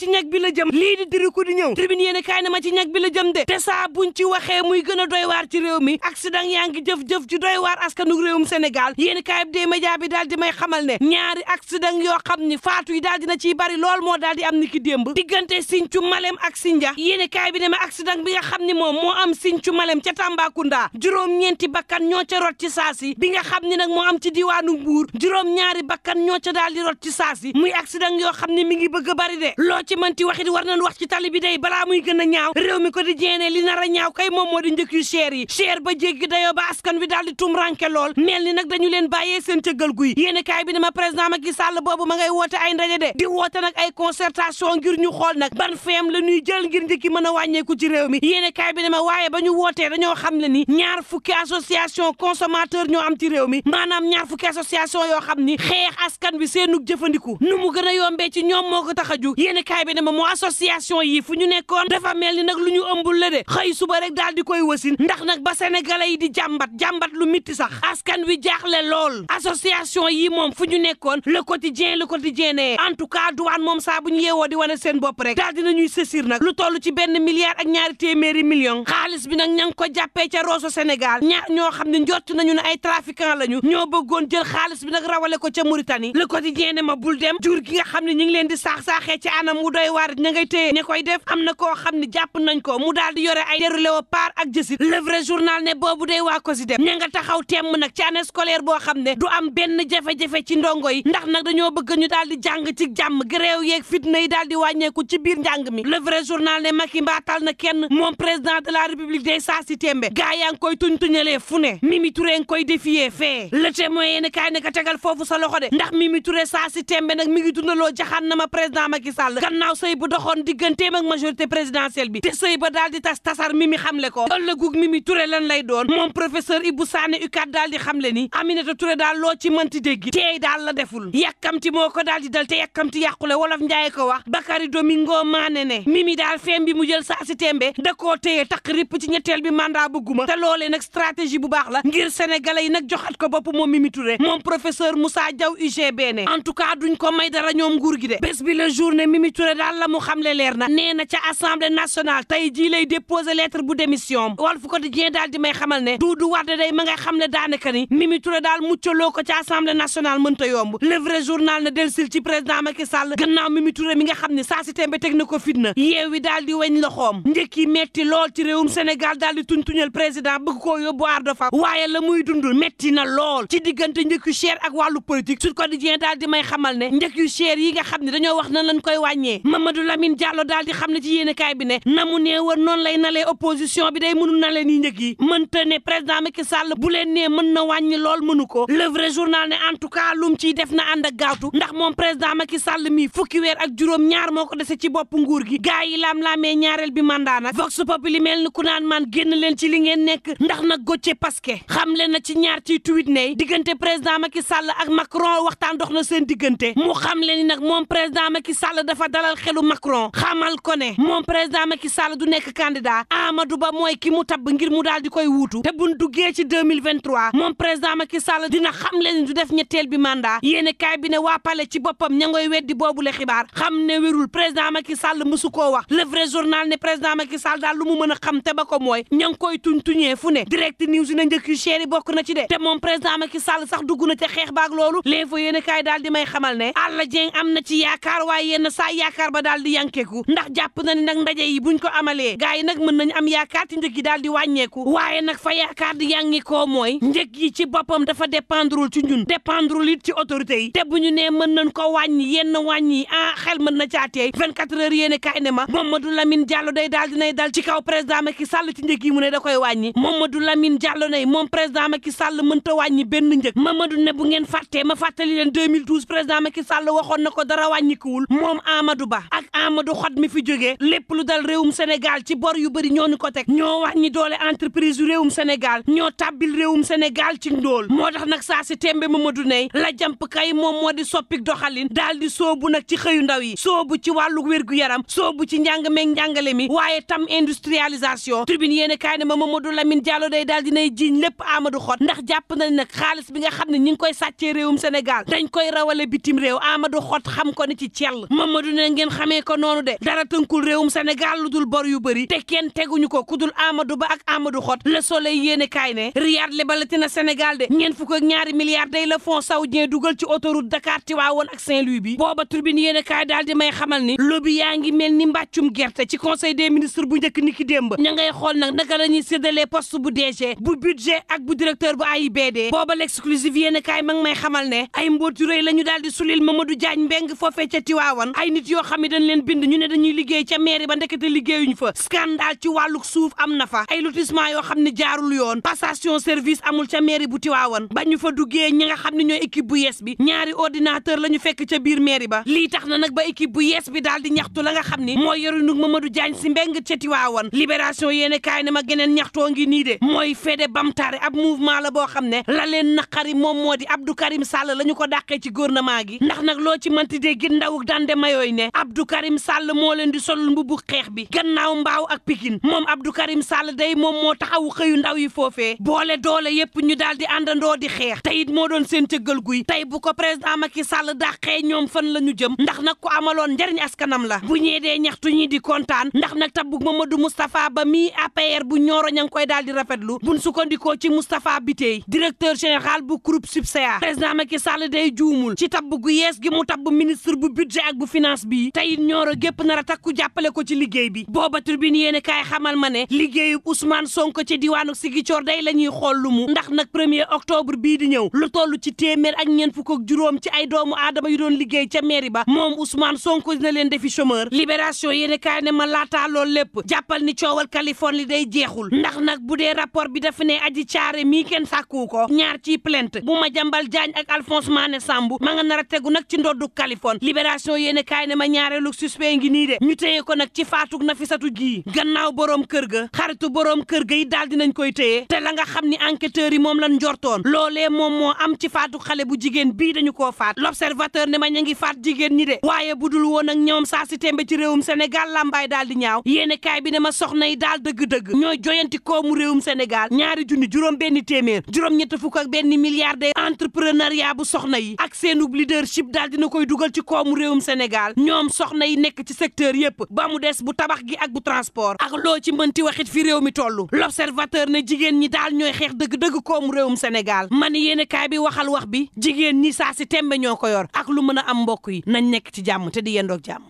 ci ñag bi la jëm lii di diriku di ñëw tribune yéen kaay na ma ci ñag bi la jëm de te saa buñ ci waxee muy gën a doy waar ci réew mi accident yaa ngi jëf-jëf ci doy waar askanu réewum Sénégal yéen kaay bi dee média bi daal di may xamal ne ñaari accident yoo xam ni faatu yi daal na ci bari lool moo daal di am ni ki démb diggante Sinthiou Malem ak Sindia yéen kaay bi ne ma accident bi nga xam ni moom moo am Sinthiou Malem ca Tambacounda juróom-ñeenti bakkan ñoo ca rot ci saasi bi nga xam ni nag moo am ci diwaanu Mbour juróom-ñaari bakkan ñoo ca daal di rot ci saasi muy accident yoo xam ni mi ngi bëgg bari de ci mënti waxit war nañ wax ci tali bi day balaa muy gën a ñaaw réew mi ko di jeenee li nar a ñaaw kay moom moo di njëkk yu cher yi cher ba jéggi dayoo ba askan wi daal di tum ranke lool mel ni nag dañu leen bàyyee seen cëggal guy yéene kaay bi ne ma président Macky Sall boobu ma ngay woote ay ndaje de di woote nag ay concertation ngir ñu xool nag ban feem la ñuy jël ngir njëkki mën a wàññeeku ci réew mi yéene kaay bi ne ma waaye ba ñu wootee dañoo xam ne ni ñaar fukki association consommateur ñoo am ci réew mi maanaam ñaar fukki association yoo xam ni xeex askan bi seenug jëfandiku nu mu gën a yombee ci ñoom moo ko tax a jug yéene kaay bi ne moo association yi fu ñu nekkoon dafa mel ni nag lu ñu ëmbul la de xëy suba rek daal di koy wasin ndax nag ba sénégalais yi di jàmbat jàmbat lu mitti sax askan wi jaaxle lool association yi moom fu ñu nekkoon le quotidien le quotidien ne en tout cas douane moom saa bu ñu yeewoo di wane seen bopp rek daal dinañuy sësir nag lu toll ci benn milliard ak ñaari téeméeri million xaalis bi nag ña ngi ko jàppee ca Rosso Sénégal ñaar ñoo xam ne njort nañu ne ay trafiquant lañu ñoo bëggoon jël xaalis bi nag rawale ko ca Mauritanie le quotidien ma bul dem jur gi nga xam ne ñu ngi leen di saax saaxee anam wu doy waar ña ngay téye koy def am na koo xam ne jàpp nañ ko mu daal di yore ay deru léopard ak jësit le vrai ne boobu day waa ko si dem ña nga taxaw temm nag ci année scolaire boo xam ne du am benn jafe-jafe ci ndongo yi ndax nag dañoo bëgg ñu daal di jàng ci jàmm gréew yeeg fitna yi daal di wàññeeku ci biir njàng mi le vrai journal ne Macky mbaatal na kenn moom président de la république day saa si tembe gaa yaa ngi koy tuñ-tuñalee fu ne Mimi Touré ngi koy défier foofu sa loxo de ndax Mimi Touré saa si tembe nag mi ngi dundaloo jaxaan na ma président Macky Sall gannaaw sëy bu doxoon digganteem ak majorité présidentielle bi te sëy ba daal di tas tasar mi mi xamle ko ëllëgug mi mi Touré lan lay doon moom professeur Ibou Sané UCAD daal xamle ni Aminata Touré daal loo ci mënti dégg teey daal deful yàkkamti moo ko daal dal te yàkkamti yàqule wolof Njaay ko wax Domingo Mané ne mi mi daal feem bi mu jël saa si tembe da koo téye takk ripp ci ñetteel bi mandat bëgguma te loolee nag stratégie bu baax la ngir sénégalais yi nag joxat ko bopp moom Mimi Touré moom professeur Moussa Diaw UGB ne en tout Touré daal la mu xamle leer na nee na ca assemblée nationale tey jii lay déposé lettre bu démission Walf Quotidien daal di may xamal ne Doudou Wade day ma nga xam ne daanaka ni Mimi Touré daal muccaloo ko ca assemblée nationale mënta yomb le vrai journal na del sil ci président Macky Sall gannaaw Mimi Touré mi nga xam ne saa si tembe teg na yeewi daal di weñ loxoom njëkk yi metti lool ci réewum Sénégal daal di tuñtuñal président bëgg koo yóbbu aar dafa waaye la muy dund na lool ci diggante njëkk yu cher ak wàllu politique Sud Quotidien yi nga xam ne dañoo wax na lañ koy gagné Mamadou Lamine Diallo daal xam ne ci yéenekaay bi ne na mu nee woon noonu lay nalee opposition bi day mënu na leen yi njëg yi mënta Sall bu leen mën na wàññi lool mënu ko le vrai journal ne en tout cas lum ciy def na ànd ak gaawtu ndax moom président Macky Sall mi fukki weer ak juróom ñaar moo ko dese ci bopp nguur gi gars yi laam-laamee ñaareel bi mandat nag vox populi ni ku naan maan génn leen ci li ngeen nekk ndax nag gocce paske xam leen na ci ñaar ciy tuwit ne diggante président Macky Sall ak Macron waxtaan dox na seen diggante mu xam leen ni dalal xelu Macron xamal ko ne moom président Macky Sall du nekk candidat Amadou Ba mooy ki mu tabb ngir mu daal di koy wuutu te buñ duggee ci 2023 moom président Macky Sall dina xam leen du def ñetteel bi mandat yéene kaay bi ne waa pale ci boppam ña ngoy weddi boobu le xibaar xam ne wérul président Macky Sall mësu koo wax le vrai journal ne président Macky Sall daal lu mu mën a xam te ba ko mooy ña ngi koy tuñ-tuñee fu ne direct news na njëkk yu chéri bokk na ci de te moom président Macky Sall sax dugg na te xeex baak loolu daal di may xamal ne am na ci yaakaar ba daal di yankeeku ndax jàpp na ni nag ndaje yi buñ ko amalee gars nag mën nañ am yaakaar ci njëg yi daal di wàññeeku waaye nag fa yaakaar di yàngi koo mooy njëg yi ci boppam dafa dépendrul ci ñun dépendrul it ci autorités yi te bu ñu nee mën nañ ko wàññi yenn wàññi ah xel mën na caateey 24 heures yéene kaay ne ma Mamadou Lamine Diallo day daal dinay dal ci kaw président Macky Sall ci njëg yi mu ne da koy wàññi Mamadou Lamine Diallo ne moom président Macky Sall mënta wàññi benn njëg Mamadou ne bu ngeen fàttee ma fàttali leen 2012 président Macky Sall waxoon na ko dara wàññikuwul moom Amadou Amadou Ba ak Amadou Xot mi fi jógee lépp lu dal réewum Sénégal ci bor yu bëri ñoo ni ko teg ñoo wàññi doole entreprise yu réewum Sénégal ñoo tàbbil réewum Sénégal ci ndóol moo tax nag saa si tembe madu Ney la jàmp kay moom moo di soppik doxalin daal di soobu nag ci xëyu ndaw yi soobu ci wàllu wér-gu-yaram soobu ci njàng meeg njàngale mi waaye tam industrialisation tribune yéene kaay ne ma Mamadou Lamine Diallo day daal dinay jiiñ lépp Amadou Xot ndax jàpp na nag bi nga xam ne ñi ngi koy sàccee réewum Sénégal dañ koy rawale bitim réew Amadou Xot xam ko ne ngeen xamee ko noonu de dara tënkul réewum Sénégal lu dul bor yu bëri te kenn teguñu ko ku dul Amadou Ba ak Amadou Xot Le Soleil yéene kaay ne Riyad lebalati na Sénégal de ñeent fukk ak ñaari milliards day la fonds saoudien dugal ci autoroute Dakar Tivaouane ak Saint-Louis bi booba Tribune yéene kaay daal di may xamal ni lobby yaa ngi mel ni mbàccum gerte ci conseil des ministres bu njëkk niki démb ña ngay xool nag naka la ñuy séddalee poste bu DG bu budget ak bu directeur bu AIBD booba l'exclusive yéene kaay ma ngi may xamal ne ay mbóotu réy la ñu daal di sulil Mamadou Diagne Mbeng foofee ca yoo xam ne dañ leen bind ñu ne dañuy liggéey ca mairie ba ndekete liggéeyuñ fa scandale ci wàlluk suuf am na fa ay lotissement yoo xam ne jaarul yoon passation service amul ca mairie bu Tiwaawan ba ñu fa duggee ñi nga xam ne ñooy équipe bu yees bi ñaari ordinateur la ñu fekk ca biir mairie ba lii tax na nag ba équipe bu yees bi daal di ñaxtu la nga xam ni mooy ma Mamadou Diagne si mbeng ca Tiwaawan libération yéene kaay ne ma geneen ñaxtoo ngi nii de mooy fede bamtaare ab mouvement la boo xam ne la leen naqari moom moo di Abdou Karim Sall la ñu ko dàqee ci gouvernement gi nag loo ci manti dégg ndawuk dande mayooy ne Abdou Karim Sall moo leen di solul mbubbu xeex bi gannaaw mbaaw ak Pikine moom Abdou Karim Sall day moom moo taxawu xëyu ndaw yi foofee boole doole yépp ñu daal di àndandoo di xeex te it moo doon seen cëggal guy tey bu ko président Macky Sall dàqee ñoom fan la ñu jëm ndax nag ko amaloon njariñ askanam la bu ñee dee ñaxtu ñi di kontaan ndax nag tabbu Mamadou Moustapha ba mi APR bu ñooro ña ngi koy daal di rafetlu buñ sukkandikoo ci Moustapha Biteye directeur général bu groupe SUPSEA président Macky Sall day juumul ci tabbu gu yees gi mu tabbu ministre bii tey ñooro gépp nar a takku jàppale ko ci liggéey bi booba tribune yéene kaay xamal ma ne liggéeyub Ousmane Sonko ci diwaanu Sigicoor day la ñuy xool lu mu ndax nag premier octobre bii di ñëw lu toll ci téeméer ak ñeent fukk juróom ci ay doomu aadama yu doon liggéey ca mairie ba moom Ousmane Sonko dina leen defi chômeur libération yéene kaay ne ma laataa lépp jàppal ni coowal Californie day jeexul ndax nag bu dee rapport bi dafa ne aji caare mii kenn sàkku ko ñaar ciy plainte bu ma jàmbal jaañ ak Alphonse Mané ma nga nar a nag ci ndoddu Californie libération ma ñaareelu suspect ngi nii de ñu téye ko nag ci faatug na Nafisatu gii gannaaw boroom kër ga xaritu boroom kër ga yi daal dinañ koy téye te la nga xam ni enquêteurs yi moom lan njortoon loolee moom moo am ci faatu xale bu jigéen bii dañu koo faat l'observateur ne ma ña ngi faat jigéen ñi de waaye bu dul woon ak ñoom saa si tembe ci réewum Sénégal làmbaay daal di ñaaw yéene kaay bi ne ma soxna yi daal dëgg-dëgg ñooy joyanti mu réewum Sénégal ñaari junni juróom benn téeméer juróom fukk ak benn milliard de entrepreneuriat bu soxna yi ak seenub leadership daal dina koy dugal ci koomu réewum Sénégal ñoom soxna yi nekk ci secteur yépp ba mu des bu tabax gi ak bu transport ak loo ci mënti waxit fi réew mi toll l'observateur ne jigéen ñi daal ñooy xeex dëgg-dëgg koomu réewum Sénégal man yéen kaay bi waxal wax bi jigéen ñi saa si tembe ñoo ko yor ak lu mën a am mbok yi nañ nekk ci jàmm te di yendoog jàmm